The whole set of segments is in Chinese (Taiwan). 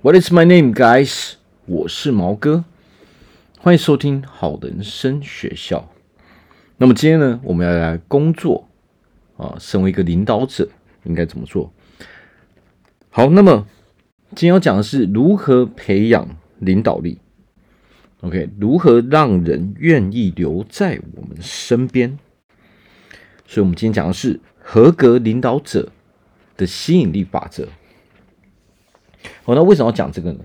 What is my name, guys？我是毛哥，歡迎收聽好人生學校。那麼今天呢，我們要來工作啊。身為一個領導者，應該怎麼做？好，那麼今天要講的是如何培養領導力。OK，如何讓人願意留在我們身邊？所以，我們今天講的是合格領導者的吸引力法則。好，那為什麼要講這個呢？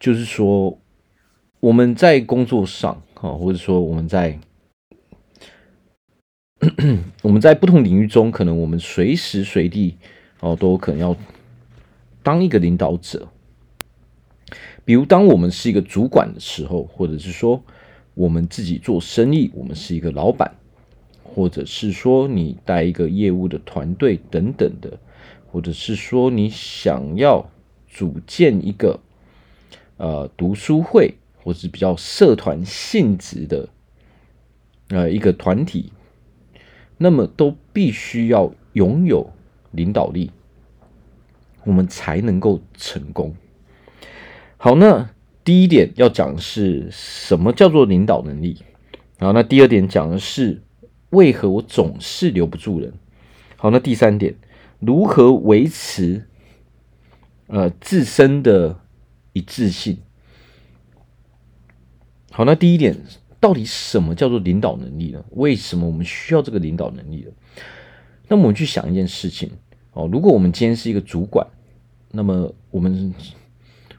就是說，我們在工作上啊，或者說我們在 我們在不同領域中，可能我們隨時隨地哦，都可能要當一個領導者。比如，當我們是一個主管的時候，或者是說我們自己做生意，我們是一個老闆，或者是說你帶一個業務的團隊等等的，或者是說你想要。組建一個呃讀書會，或者是比較社團性質的呃一個團體，那麼都必須要擁有領導力，我們才能夠成功。好，那第一點要講的是什麼叫做領導能力？然後那第二點講的是為何我總是留不住人？好，那第三點如何維持？呃，自身的一致性。好，那第一點，到底什麼叫做領導能力呢？為什麼我們需要這個領導能力呢？那麼我們去想一件事情哦，如果我們今天是一個主管，那麼我們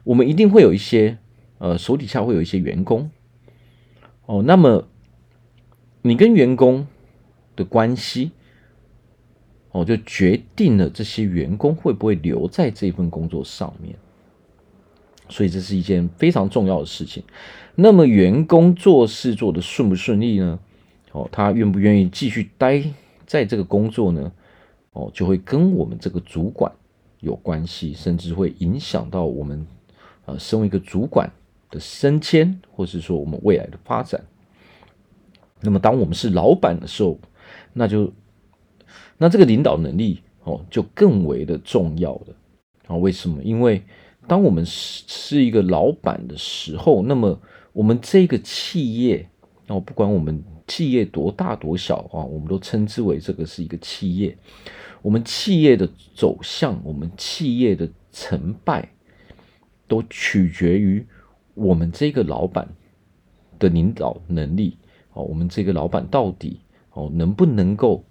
我們一定會有一些呃，手底下會有一些員工。哦，那麼你跟員工的關係。哦，就決定了這些員工會不會留在這份工作上面，所以這是一件非常重要的事情。那麼員工做事做得順不順利呢？哦，他願不願意繼續待在這個工作呢？哦，就會跟我們這個主管有關係，甚至會影響到我們，呃，身為一個主管的升遷，或是說我們未來的發展。那麼當我們是老闆的時候，那就。那這個領導能力哦，就更為的重要了啊。為什麼？因為當我們是是一個老闆的時候，那麼我們這個企業哦，不管我們企業多大多小啊，我們都稱之為這個是一個企業。我們企業的走向，我們企業的成敗，都取決於我們這個老闆的領導能力哦。我們這個老闆到底哦，能不能夠？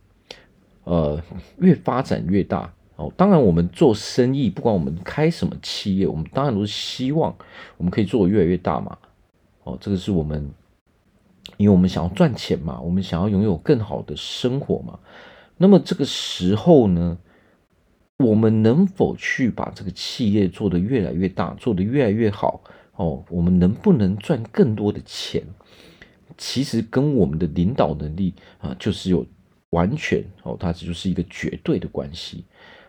呃，越發展越大哦。當然，我們做生意，不管我們開什麼企業，我們當然都是希望我們可以做得越來越大嘛。哦，這個是我們，因為我們想要賺錢嘛，我們想要擁有更好的生活嘛。那麼這個時候呢，我們能否去把這個企業做得越來越大，做得越來越好？哦，我們能不能賺更多的錢？其實跟我們的領導能力啊、呃，就是有。完全哦，它就是一個絕對的關係。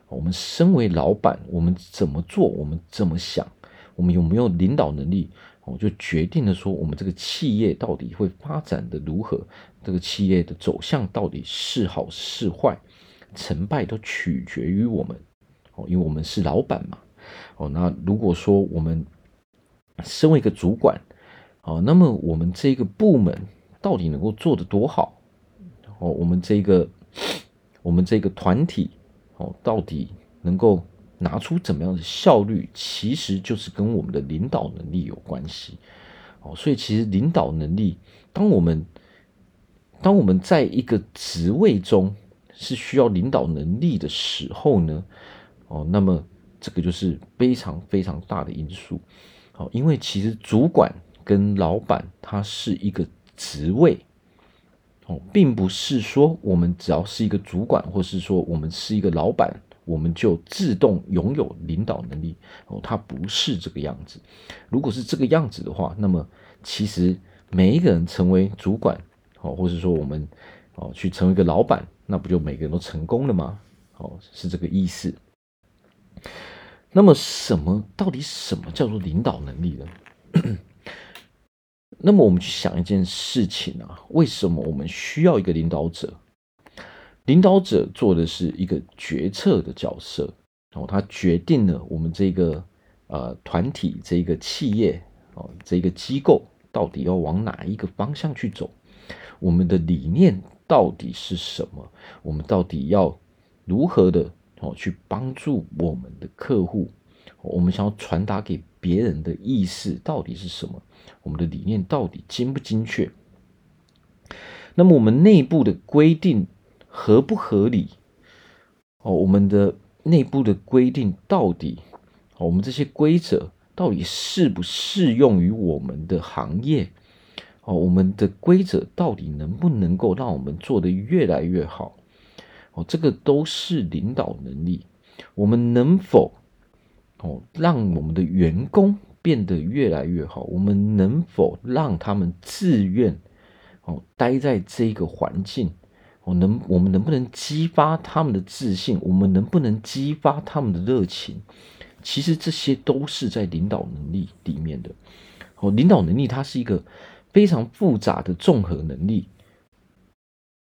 我們身為老闆，我們怎麼做，我們怎麼想，我們有沒有領導能力哦，就決定了說我們這個企業到底會發展的如何，這個企業的走向到底是好是壞，成敗都取決於我們哦，因為我們是老闆嘛哦。那如果說我們身為一個主管啊，那麼我們這個部門到底能夠做得多好？哦，我們這個，我們這個團體，哦，到底能夠拿出怎麼樣的效率，其實就是跟我們的領導能力有關係。哦，所以其實領導能力，當我們當我們在一個職位中是需要領導能力的時候呢，哦，那麼這個就是非常非常大的因素。好，因為其實主管跟老板，他是一個職位。哦，並不是說我們只要是一個主管，或是說我們是一個老闆，我們就自動擁有領導能力。哦，它不是這個樣子。如果是這個樣子的話，那麼其實每一個人成為主管，哦，或是說我們哦去成為一個老闆，那不就每個人都成功了嗎？哦，是這個意思。那麼，什麼到底什麼叫做領導能力呢？ 那麼我們去想一件事情啊，為什麼我們需要一個領導者？領導者做的是一個決策的角色，哦，他決定了我們這個呃團體、這個企業、哦這個機構到底要往哪一個方向去走，我們的理念到底是什麼？我們到底要如何的哦去幫助我們的客戶，哦，我們想要傳達給別人的意思到底是什麼？我們的理念到底精不精確？那麼我們內部的規定合不合理？哦，我們的內部的規定到底，我們這些規則到底適不適用於我們的行業？哦，我們的規則到底能不能夠讓我們做得越來越好？哦，這個都是領導能力。我們能否哦讓我們的員工變得越來越好，我們能否讓他們自願哦待在這一個環境？哦，能，我們能不能激發他們的自信？我們能不能激發他們的熱情？其實這些都是在領導能力裡面的。哦，領導能力它是一個非常複雜的綜合能力。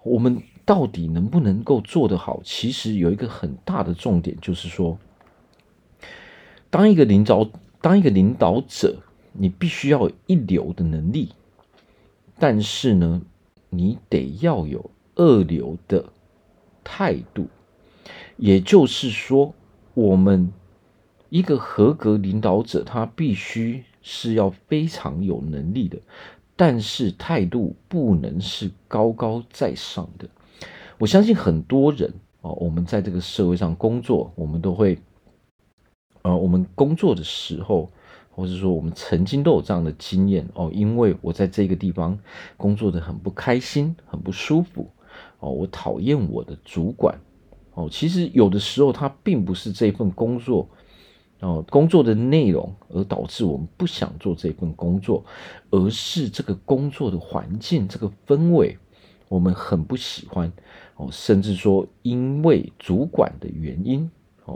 我們到底能不能夠做得好？其實有一個很大的重點，就是說，當一個領導。當一個領導者，你必須要有一流的能力，但是呢，你得要有二流的態度。也就是說，我們一個合格領導者，他必須是要非常有能力的，但是態度不能是高高在上的。我相信很多人啊、哦，我們在這個社會上工作，我們都會。呃，我們工作的時候，或者說我們曾經都有這樣的經驗哦，因為我在這個地方工作得很不開心、很不舒服哦，我討厭我的主管哦。其實有的時候，它並不是這份工作哦，工作的內容而導致我們不想做這份工作，而是這個工作的環境、這個氛圍我們很不喜歡哦，甚至說因為主管的原因。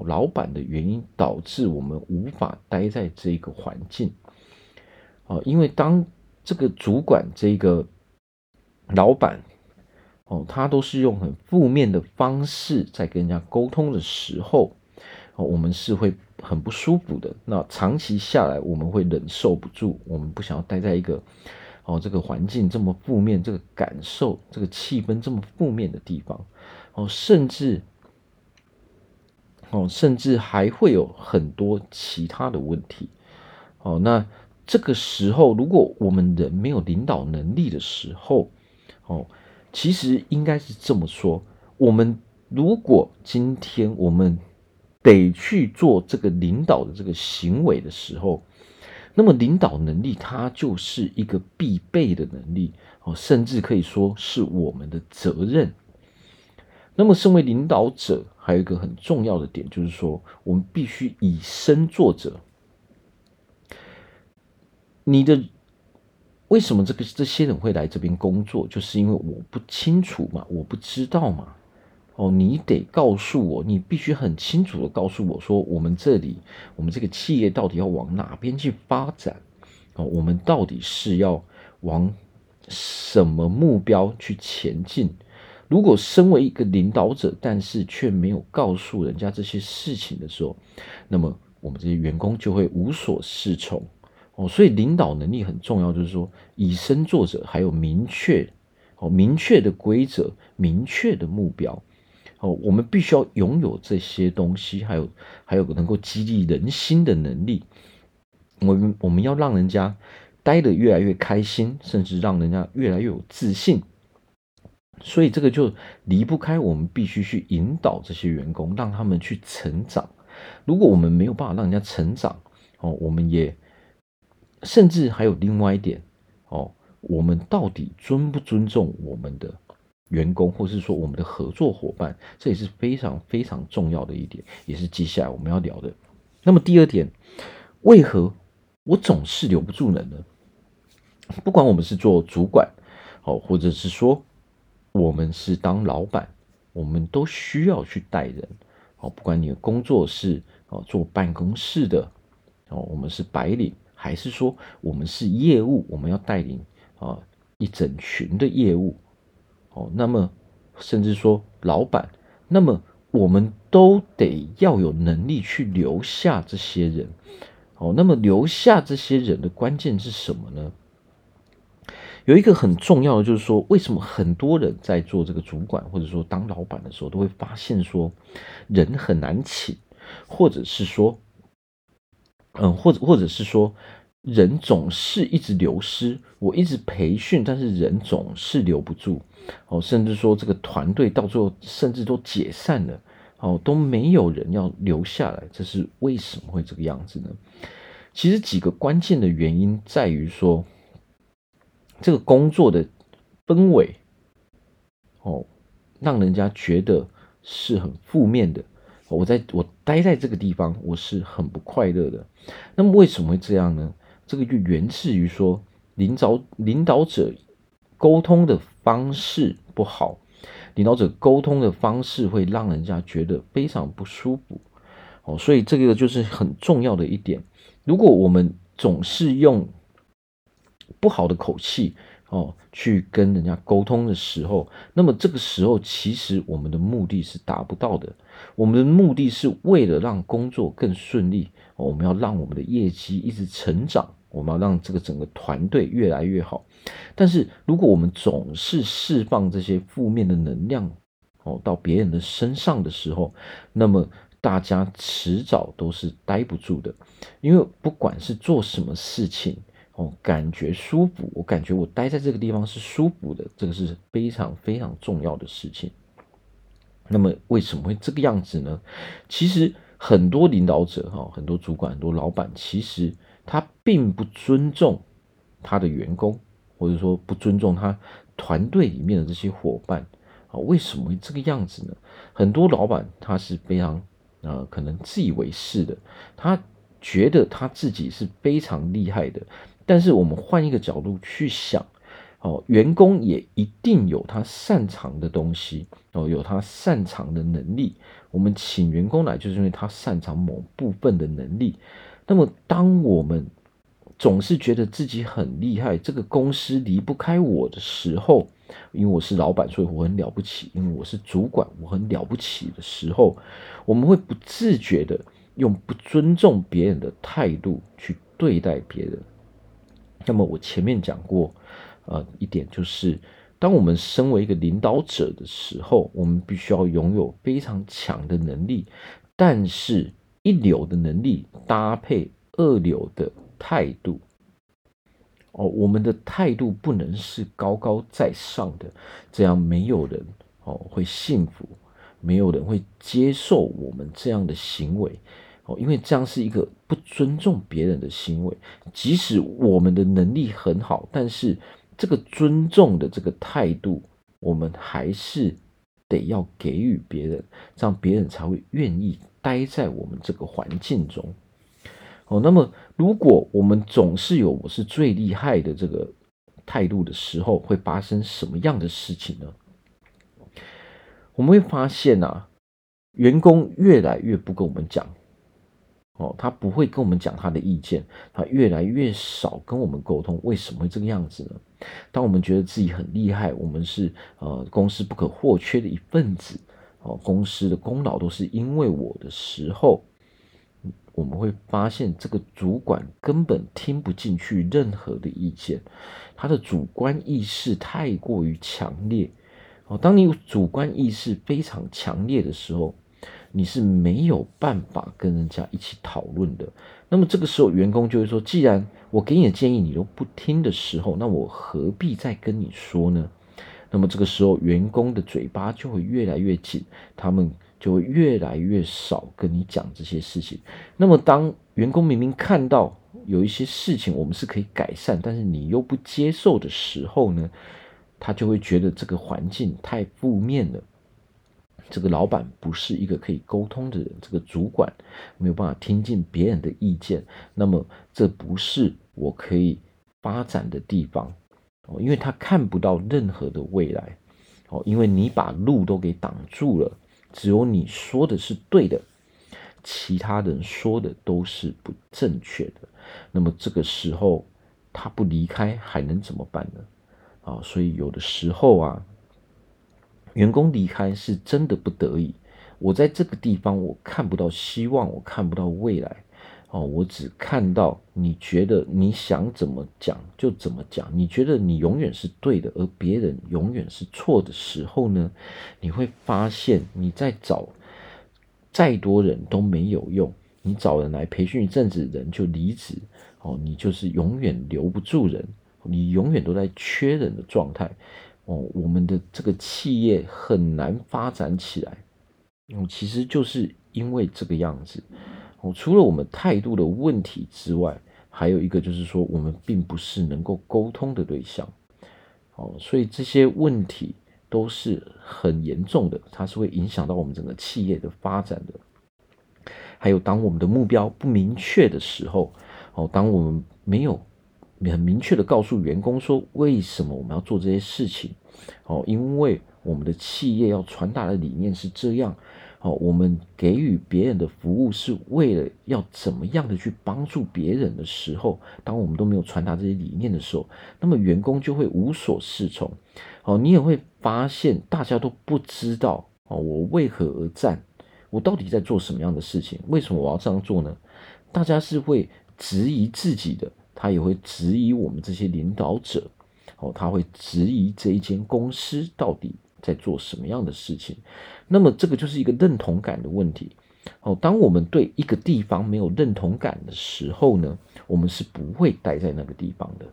老闆的原因導致我們無法待在這個環境，哦，因為當這個主管、這個老闆，哦，他都是用很負面的方式在跟人家溝通的時候，哦，我們是會很不舒服的。那長期下來，我們會忍受不住，我們不想要待在一個哦，這個環境這麼負面，這個感受、這個氣氛這麼負面的地方，哦，甚至。哦，甚至還會有很多其他的問題。哦，那這個時候，如果我們人沒有領導能力的時候，哦，其實應該是這麼說，我們如果今天我們得去做這個領導的這個行為的時候，那麼領導能力它就是一個必備的能力，哦，甚至可以說是我們的責任。那麼，身為領導者，還有一個很重要的點，就是說，我們必須以身作則。你的，為什麼這個這些人會來這邊工作，就是因為我不清楚嘛，我不知道嘛。哦，你得告訴我，你必須很清楚的告訴我說，我們這裡，我們這個企業到底要往哪邊去發展？哦，我們到底是要往什麼目標去前進？如果身為一個領導者，但是卻沒有告訴人家這些事情的時候，那麼我們這些員工就會無所適從哦。所以領導能力很重要，就是說以身作則，還有明確哦、明確的規則、明確的目標哦。我們必須要擁有這些東西，還有還有能夠激勵人心的能力。我們我們要讓人家待得越來越開心，甚至讓人家越來越有自信。所以這個就離不開，我們必須去引導這些員工，讓他們去成長。如果我們沒有辦法讓人家成長，哦，我們也甚至還有另外一點，哦，我們到底尊不尊重我們的員工，或是說我們的合作夥伴？這也是非常非常重要的一點，也是接下來我們要聊的。那麼第二點，為何我總是留不住人呢？不管我們是做主管，哦，或者是說。我們是當老闆，我們都需要去帶人。哦，不管你的工作是哦坐辦公室的哦，我們是白領，還是說我們是業務，我們要帶領啊一整群的業務。哦，那麼甚至說老闆，那麼我們都得要有能力去留下這些人。哦，那麼留下這些人的關鍵是什麼呢？有一個很重要的，就是說，為什麼很多人在做這個主管或者說當老板的時候，都會發現說，人很難請，或者是說，嗯，或者或者是說，人總是一直流失，我一直培訓，但是人總是留不住，哦，甚至說這個團隊到最後甚至都解散了，哦，都沒有人要留下來，這是為什麼會這個樣子呢？其實幾個關鍵的原因在於說，這個工作的氛圍，哦，讓人家覺得是很負面的。我在我待在這個地方，我是很不快樂的。那麼為什麼會這樣呢？這個就源自於說，領導領導者溝通的方式不好，領導者溝通的方式會讓人家覺得非常不舒服。哦，所以這個就是很重要的一點。如果我們總是用，不好的口氣哦，去跟人家溝通的時候，那麼這個時候其實我們的目的是達不到的。我們的目的是為了讓工作更順利，哦，我們要讓我們的業績一直成長，我們要讓這個整個團隊越來越好。但是如果我們總是釋放這些負面的能量哦，到別人的身上的時候，那麼大家遲早都是待不住的，因為不管是做什麼事情。哦，感覺舒服。我感覺我待在這個地方是舒服的，這個是非常非常重要的事情。那麼為什麼會這個樣子呢？其實很多領導者哈，很多主管、很多老闆，其實他並不尊重他的員工，或者說不尊重他團隊裡面的這些夥伴啊。為什麼會這個樣子呢？很多老闆他是非常啊，呃，可能自以為是的，他覺得他自己是非常厲害的。但是我們換一個角度去想，哦、呃，員工也一定有他擅長的東西，哦、呃，有他擅長的能力。我們請員工來，就是因為他擅長某部分的能力。那麼，當我們總是覺得自己很厲害，這個公司離不開我的時候，因為我是老板，所以我很了不起；因為我是主管，我很了不起的時候，我們會不自覺地用不尊重別人的態度去對待別人。那麼我前面講過，呃，一點就是，當我們身為一個領導者的時候，我們必須要擁有非常強的能力，但是一流的能力搭配二流的態度，哦，我們的態度不能是高高在上的，這樣沒有人，哦，會信服，沒有人會接受我們這樣的行為。哦，因為這樣是一個不尊重別人的行為。即使我們的能力很好，但是這個尊重的這個態度，我們還是得要給予別人，這樣別人才會願意待在我們這個環境中。哦，那麼如果我們總是有我是最厲害的這個態度的時候，會發生什麼樣的事情呢？我們會發現啊，員工越來越不跟我們講。哦，他不會跟我們講他的意見，他越來越少跟我們溝通。為什麼會這個樣子呢？當我們覺得自己很厲害，我們是呃公司不可或缺的一份子，哦，公司的功勞都是因為我的時候，我們會發現這個主管根本聽不進去任何的意見，他的主觀意識太過於強烈。哦，當你有主觀意識非常強烈的時候。你是沒有辦法跟人家一起討論的。那麼這個時候，員工就會說：“既然我給你的建議你都不聽的時候，那我何必再跟你說呢？”那麼這個時候，員工的嘴巴就會越來越緊，他們就會越來越少跟你講這些事情。那麼當員工明明看到有一些事情我們是可以改善，但是你又不接受的時候呢，他就會覺得這個環境太負面了。這個老闆不是一個可以溝通的人，這個主管沒有辦法聽進別人的意見，那麼這不是我可以發展的地方哦，因為他看不到任何的未來哦，因為你把路都給擋住了，只有你說的是對的，其他人說的都是不正確的，那麼這個時候他不離開還能怎麼辦呢？啊、哦，所以有的時候啊。員工離開是真的不得已。我在這個地方，我看不到希望，我看不到未來。哦，我只看到你覺得你想怎麼講就怎麼講，你覺得你永遠是對的，而別人永遠是錯的時候呢，你會發現你在找再多人都沒有用。你找人來培訓一陣子，人就離職。哦，你就是永遠留不住人，你永遠都在缺人的狀態。哦，我們的這個企業很難發展起來，哦、嗯，其實就是因為這個樣子。哦，除了我們態度的問題之外，還有一個就是說，我們並不是能夠溝通的對象。哦，所以這些問題都是很嚴重的，它是會影響到我們整個企業的發展的。還有，當我們的目標不明確的時候，哦，當我們沒有。你很明確的告訴員工說，為什麼我們要做這些事情？哦，因為我們的企業要傳達的理念是這樣。哦，我們給予別人的服務是為了要怎麼樣的去幫助別人的時候，當我們都沒有傳達這些理念的時候，那麼員工就會無所適從。哦，你也會發現大家都不知道哦，我為何而戰？我到底在做什麼樣的事情？為什麼我要這樣做呢？大家是會質疑自己的。他也會質疑我們這些領導者，哦，他會質疑這一間公司到底在做什麼樣的事情。那麼，這個就是一個認同感的問題。哦，當我們對一個地方沒有認同感的時候呢，我們是不會待在那個地方的。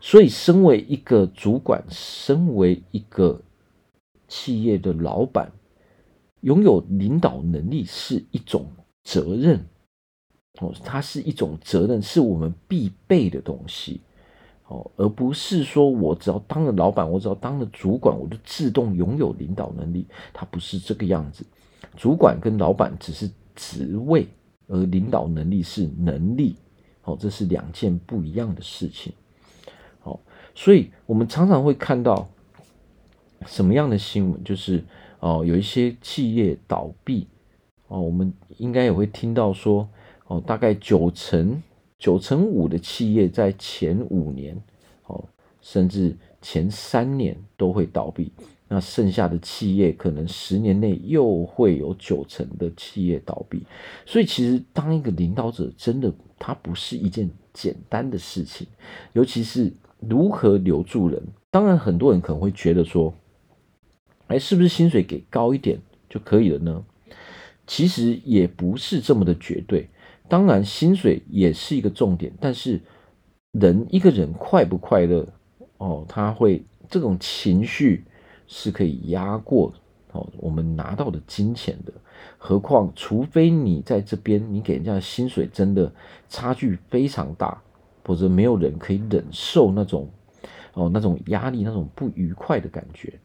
所以，身為一個主管，身為一個企業的老闆，擁有領導能力是一種責任。哦，它是一種責任，是我們必備的東西。哦，而不是說我只要當了老板，我只要當了主管，我就自動擁有領導能力。它不是這個樣子。主管跟老板只是職位，而領導能力是能力。哦，這是兩件不一樣的事情。哦，所以我們常常會看到什麼樣的新聞，就是哦，有一些企業倒閉。哦，我們應該也會聽到說。哦，大概九成九成五的企業在前五年，哦，甚至前三年都會倒閉。那剩下的企業，可能十年內又會有九成的企業倒閉。所以，其實當一個領導者，真的他不是一件簡單的事情，尤其是如何留住人。當然，很多人可能會覺得說，哎、欸，是不是薪水給高一點就可以了呢？其實也不是這麼的絕對。當然，薪水也是一個重點，但是人一個人快不快樂哦，他會這種情緒是可以壓過哦我們拿到的金錢的。何況，除非你在這邊你給人家的薪水真的差距非常大，否則沒有人可以忍受那種哦那種壓力、那種不愉快的感覺。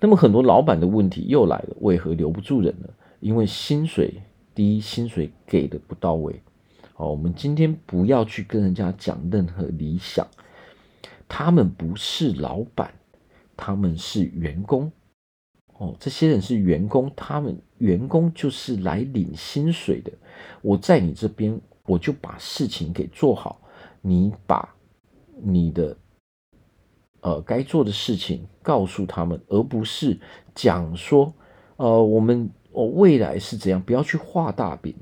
那麼，很多老闆的問題又來了：為何留不住人呢？因為薪水。第一，薪水給的不到位。哦，我們今天不要去跟人家講任何理想，他們不是老板，他們是員工。哦，這些人是員工，他們員工就是來領薪水的。我在你這邊，我就把事情給做好，你把你的呃該做的事情告訴他們，而不是講說呃我們。哦，未來是怎樣？不要去畫大餅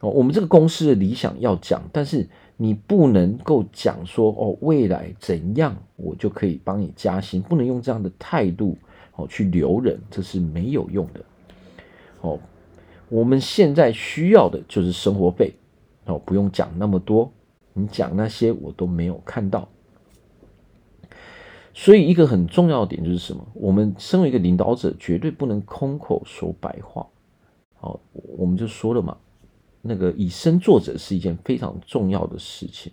哦。我們這個公司的理想要講，但是你不能夠講說哦，未來怎樣我就可以幫你加薪，不能用這樣的態度哦去留人，這是沒有用的。哦，我們現在需要的就是生活費哦，不用講那麼多，你講那些我都沒有看到。所以，一個很重要的點就是什麼？我們身為一個領導者，絕對不能空口說白話。好，我們就說了嘛，那個以身作則是一件非常重要的事情。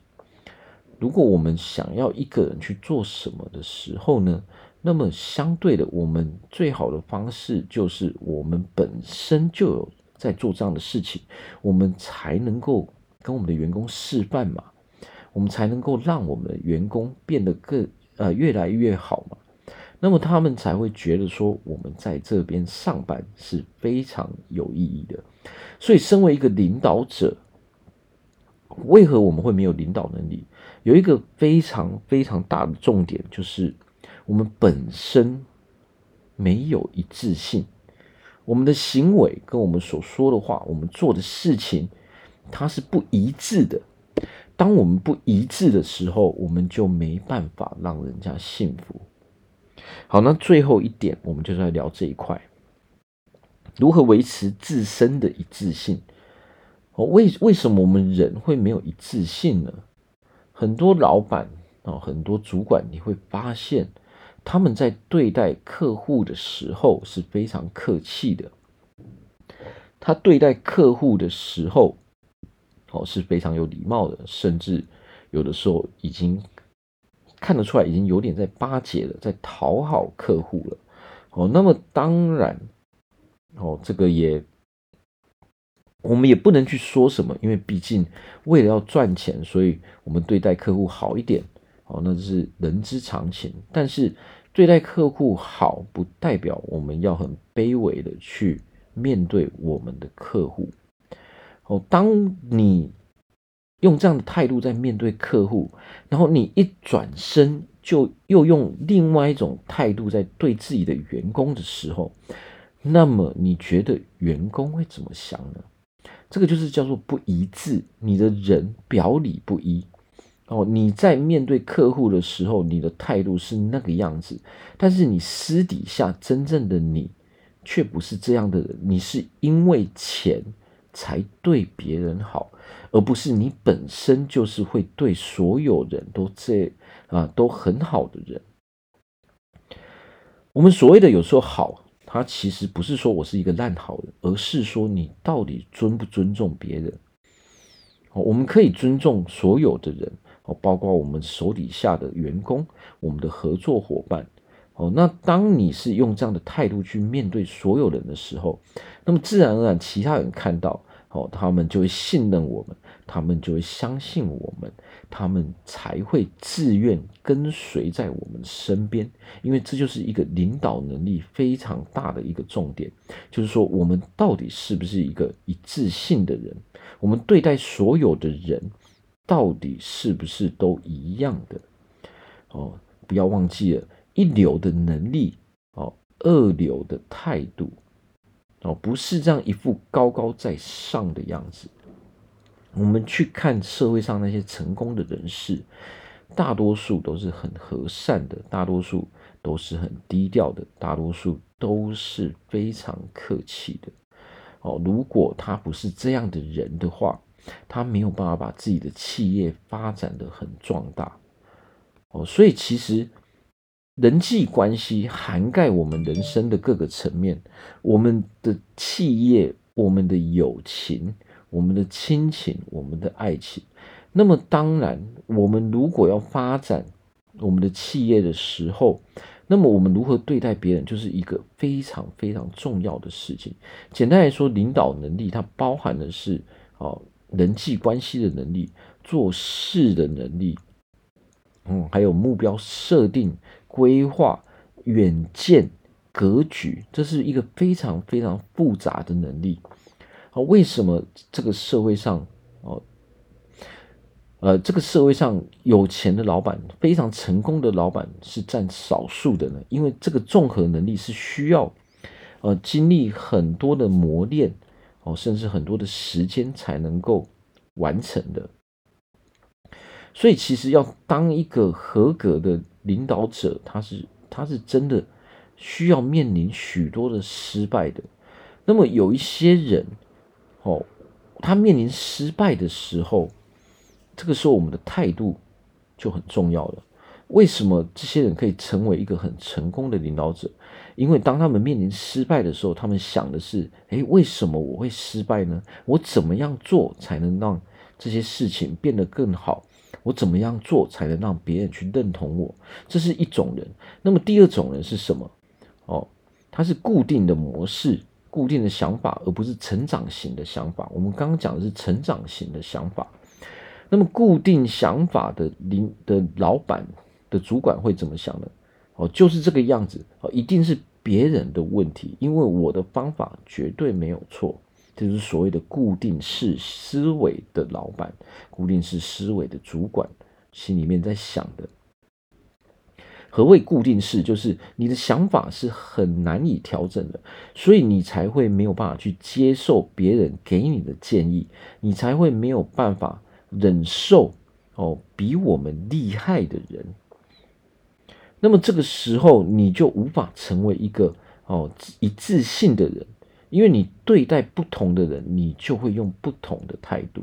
如果我們想要一個人去做什麼的時候呢，那麼相對的，我們最好的方式就是我們本身就有在做這樣的事情，我們才能夠跟我們的員工示範嘛，我們才能夠讓我們的員工變得更。呃，越來越好嘛，那麼他們才會覺得說，我們在這邊上班是非常有意義的。所以，身為一個領導者，為何我們會沒有領導能力？有一個非常非常大的重點，就是我們本身沒有一致性。我們的行為跟我們所說的話，我們做的事情，它是不一致的。當我們不一致的時候，我們就沒辦法讓人家信服。好，那最後一點，我們就來聊這一塊，如何維持自身的一致性。哦，為為什麼我們人會沒有一致性呢？很多老闆啊、哦，很多主管，你會發現他們在對待客戶的時候是非常客氣的，他對待客戶的時候。哦，是非常有禮貌的，甚至有的時候已經看得出來，已經有點在巴結了，在討好客戶了。哦，那麼當然，哦，這個也我們也不能去說什麼，因為畢竟為了要賺錢，所以我們對待客戶好一點，哦，那就是人之常情。但是對待客戶好，不代表我們要很卑微的去面對我們的客戶。哦，當你用這樣的態度在面對客戶，然後你一轉身就又用另外一種態度在對自己的員工的時候，那麼你覺得員工會怎麼想呢？這個就是叫做不一致，你的人表裡不一。哦，你在面對客戶的時候，你的態度是那個樣子，但是你私底下真正的你卻不是這樣的人，你是因為錢。才對別人好，而不是你本身就是會對所有人都這啊都很好的人。我們所謂的有時候好，他其實不是說我是一個爛好人，而是說你到底尊不尊重別人。好，我們可以尊重所有的人，哦，包括我們手底下的員工，我們的合作夥伴。哦，那當你是用這樣的態度去面對所有人的時候，那麼自然而然，其他人看到，哦，他們就會信任我們，他們就會相信我們，他們才會自願跟隨在我們身邊。因為這就是一個領導能力非常大的一個重點，就是說我們到底是不是一個一致性的人？我們對待所有的人，到底是不是都一樣的？哦，不要忘記了。一流的能力，哦，二流的態度，哦，不是這樣一副高高在上的樣子。我們去看社會上那些成功的人士，大多數都是很和善的，大多數都是很低調的，大多數都是非常客氣的。哦，如果他不是這樣的人的話，他沒有辦法把自己的企業發展得很壯大。哦，所以其實。人際關係涵蓋我們人生的各個層面，我們的企業、我們的友情、我們的親情、我們的愛情。那麼，當然，我們如果要發展我們的企業的時候，那麼我們如何對待別人，就是一個非常非常重要的事情。簡單來說，領導能力它包含的是啊、哦、人際關係的能力、做事的能力。嗯，還有目標設定、規劃、遠見、格局，這是一個非常非常複雜的能力。啊，為什麼這個社會上，哦，呃，這個社會上有錢的老闆、非常成功的老闆是佔少數的呢？因為這個綜合能力是需要，呃，經歷很多的磨練，哦，甚至很多的時間才能夠完成的。所以，其實要當一個合格的領導者，他是他是真的需要面臨許多的失敗的。那麼，有一些人，哦，他面臨失敗的時候，這個時候我們的態度就很重要了。為什麼這些人可以成為一個很成功的領導者？因為當他們面臨失敗的時候，他們想的是：哎，為什麼我會失敗呢？我怎麼樣做才能讓這些事情變得更好？我怎麼樣做才能讓別人去認同我？這是一種人。那麼第二種人是什麼？哦，他是固定的模式、固定的想法，而不是成長型的想法。我們剛剛講的是成長型的想法。那麼固定想法的領的老闆的主管會怎麼想呢？哦，就是這個樣子。哦，一定是別人的問題，因為我的方法絕對沒有錯。就是所謂的固定式思維的老闆，固定式思維的主管心裡面在想的。何謂固定式？就是你的想法是很難以調整的，所以你才會沒有辦法去接受別人給你的建議，你才會沒有辦法忍受哦比我們厲害的人。那麼這個時候，你就無法成為一個哦一致性的人。因為你對待不同的人，你就會用不同的態度。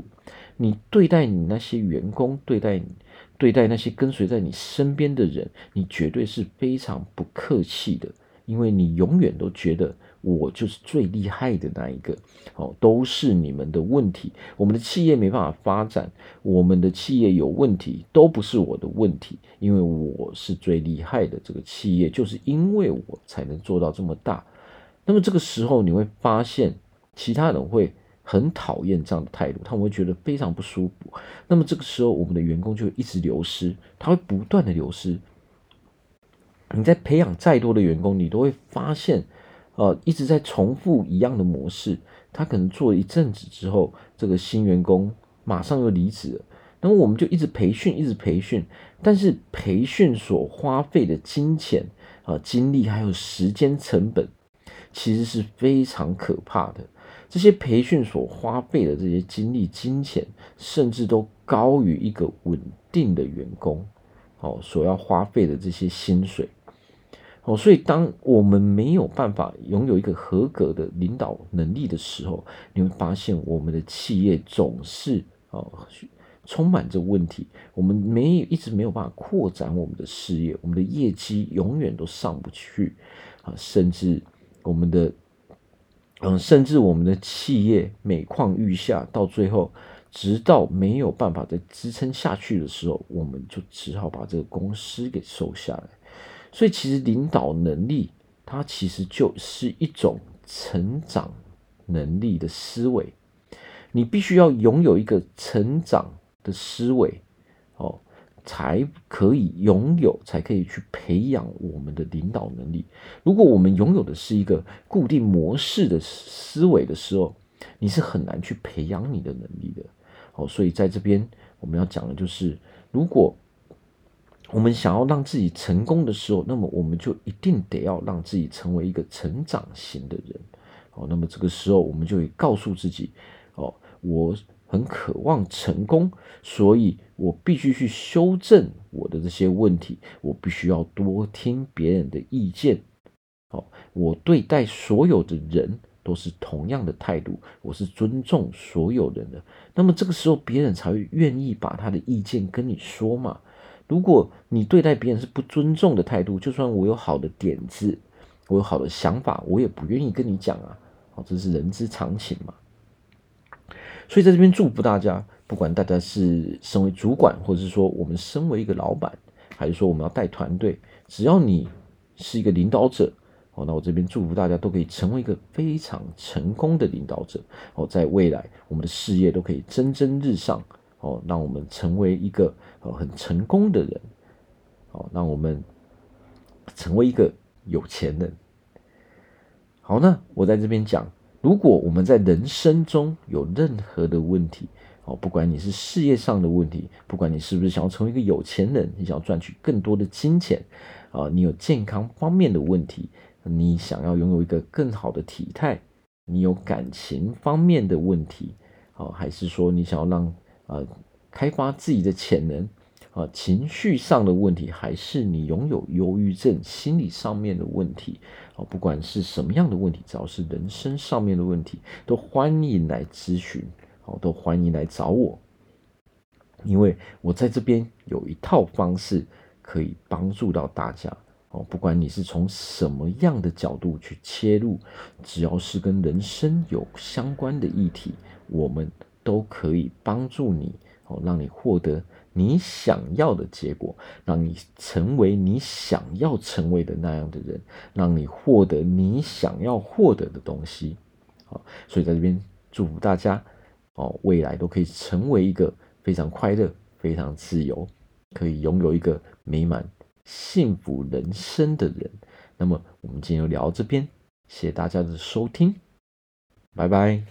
你對待你那些員工，對待你對待那些跟隨在你身邊的人，你絕對是非常不客氣的。因為你永遠都覺得我就是最厲害的那一個。哦，都是你們的問題。我們的企業沒辦法發展，我們的企業有問題，都不是我的問題。因為我是最厲害的，這個企業就是因為我才能做到這麼大。那麼這個時候，你會發現，其他人會很討厭這樣的態度，他們會覺得非常不舒服。那麼這個時候，我們的員工就會一直流失，他會不斷的流失。你在培養再多的員工，你都會發現，呃，一直在重複一樣的模式。他可能做一陣子之後，這個新員工馬上又離職了。那麼我們就一直培訓，一直培訓，但是培訓所花費的金錢、啊、呃、精力還有時間成本。其實是非常可怕的。這些培訓所花費的這些精力、金錢，甚至都高於一個穩定的員工，哦，所要花費的這些薪水。哦，所以當我們沒有辦法擁有一個合格的領導能力的時候，你會發現我們的企業總是哦充滿着問題。我們沒有，一直沒有辦法擴展我們的事業，我們的業績永遠都上不去啊，甚至。我們的，嗯，甚至我們的企業每況愈下，到最後，直到沒有辦法再支撐下去的時候，我們就只好把這個公司給收下來。所以，其實領導能力，它其實就是一種成長能力的思維。你必須要擁有一個成長的思維，哦。才可以擁有，才可以去培養我們的領導能力。如果我們擁有的是一個固定模式的思維的時候，你是很難去培養你的能力的。哦，所以在這邊我們要講的就是，如果我們想要讓自己成功的時候，那麼我們就一定得要讓自己成為一個成長型的人。哦，那麼這個時候我們就會告訴自己，哦，我很渴望成功，所以。我必須去修正我的這些問題，我必須要多聽別人的意見。好，我對待所有的人都是同樣的態度，我是尊重所有人的。那麼這個時候，別人才會願意把他的意見跟你說嘛。如果你對待別人是不尊重的態度，就算我有好的點子，我有好的想法，我也不願意跟你講啊。好，這是人之常情嘛。所以在這邊祝福大家。不管大家是身為主管，或者是說我們身為一個老闆，還是說我們要帶團隊，只要你是一個領導者，哦，那我這邊祝福大家都可以成為一個非常成功的領導者。哦，在未來我們的事業都可以蒸蒸日上。哦，讓我們成為一個很成功的人。好，讓我們成為一個有錢人。好呢，那我在這邊講，如果我們在人生中有任何的問題，不管你是事業上的問題，不管你是不是想要成為一個有錢人，你想要賺取更多的金錢，啊、呃，你有健康方面的問題，你想要擁有一個更好的體態，你有感情方面的問題，啊、呃，還是說你想要讓呃開發自己的潛能，啊、呃，情緒上的問題，還是你擁有憂鬱症，心理上面的問題，啊、呃，不管是什麼樣的問題，只要是人生上面的問題，都歡迎來諮詢。都歡迎來找我，因為我在這邊有一套方式可以幫助到大家哦。不管你是從什麼樣的角度去切入，只要是跟人生有相關的議題，我們都可以幫助你哦，讓你獲得你想要的結果，讓你成為你想要成為的那樣的人，讓你獲得你想要獲得的東西。好，所以在這邊祝福大家。哦，未來都可以成為一個非常快樂、非常自由，可以擁有一個美滿幸福人生的人。那麼，我們今天就聊到這邊，謝謝大家的收聽，拜拜。